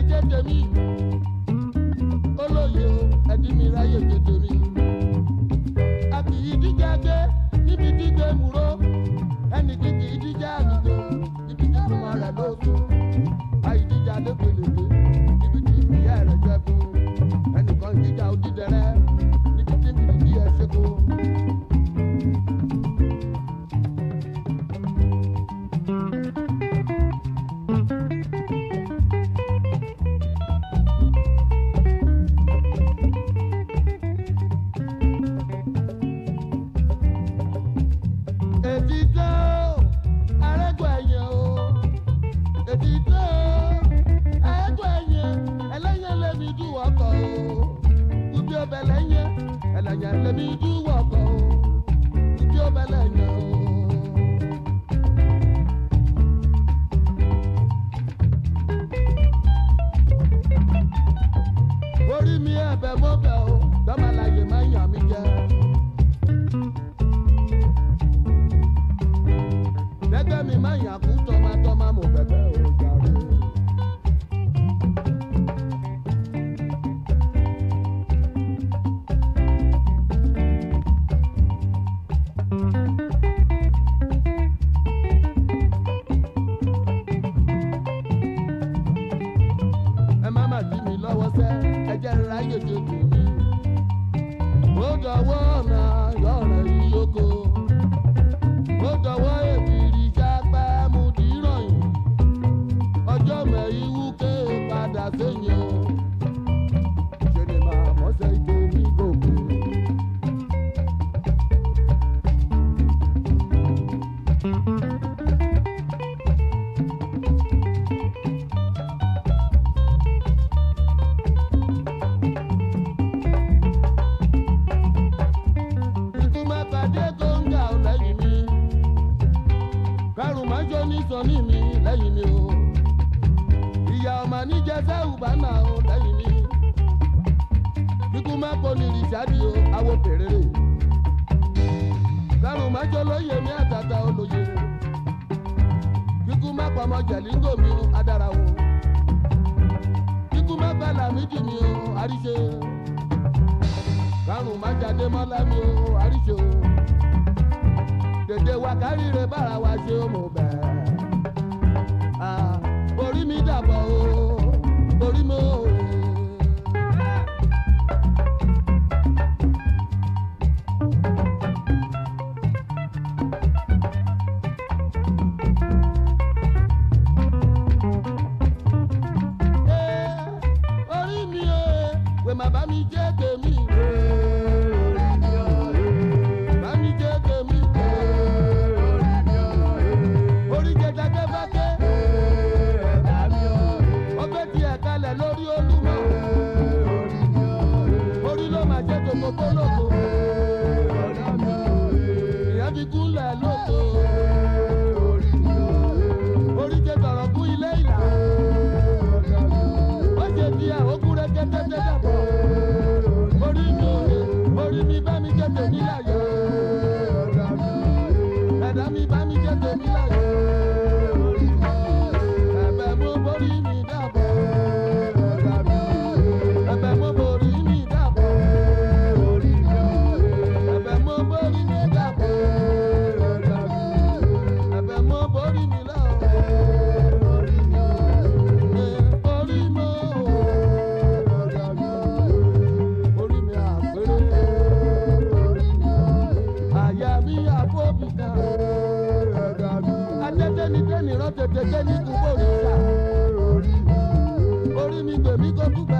ráyè jẹ́ tèmi olóye o ẹ̀dín mi ráyè jẹ́ tèmi àbí ìdíje ajé níbi díje múró ẹnì kìkì ìdíje àlùjọ ibi tí ọmọ rẹ̀ ló tó àìdíje adé pèlèpè ibi tí ìyá rẹ̀ èmi jú wọ̀kọ̀ o ibi ó bẹ̀lẹ̀ mi ẹ̀bẹ̀ mo o dọ́màlàyé máa ń yàn mí mi máa ń yàn kú jọ̀wọ́ ọ̀nà yọ̀nà ìyókò ó jọ̀wọ́ èbìrì jápẹ́ mú dìrọ̀yìn ọjọ́ mẹ́yìí wúkẹ́ padà sẹ́yìn o. ní mi lẹ́yìn mi o ìyá ọmọ níjẹ sẹ́wù bá nà lẹ́yìn mi bíkú má kó ní ìrìsàdì o awo pèrèrè kárùn májọ lóye mi àtàtà olóye bíkú má pamọ́ jẹ̀língò mi o adára o bíkú má bẹ́ẹ̀ làmídì mi o àríṣe kárùn májà dé mọ́lá mi o àríṣe o dèdè wa kárí rẹ bára wa ṣe ó mọ̀ bẹ́ẹ̀. pé má bá mi jẹ́ tèmi jẹ́ tèmi láyé ẹ̀dá mi bá mi jẹ́ tèmi láyé. tètè jẹ́ ní kúkúrú sá. orí mi gbèmí kó túbẹ̀.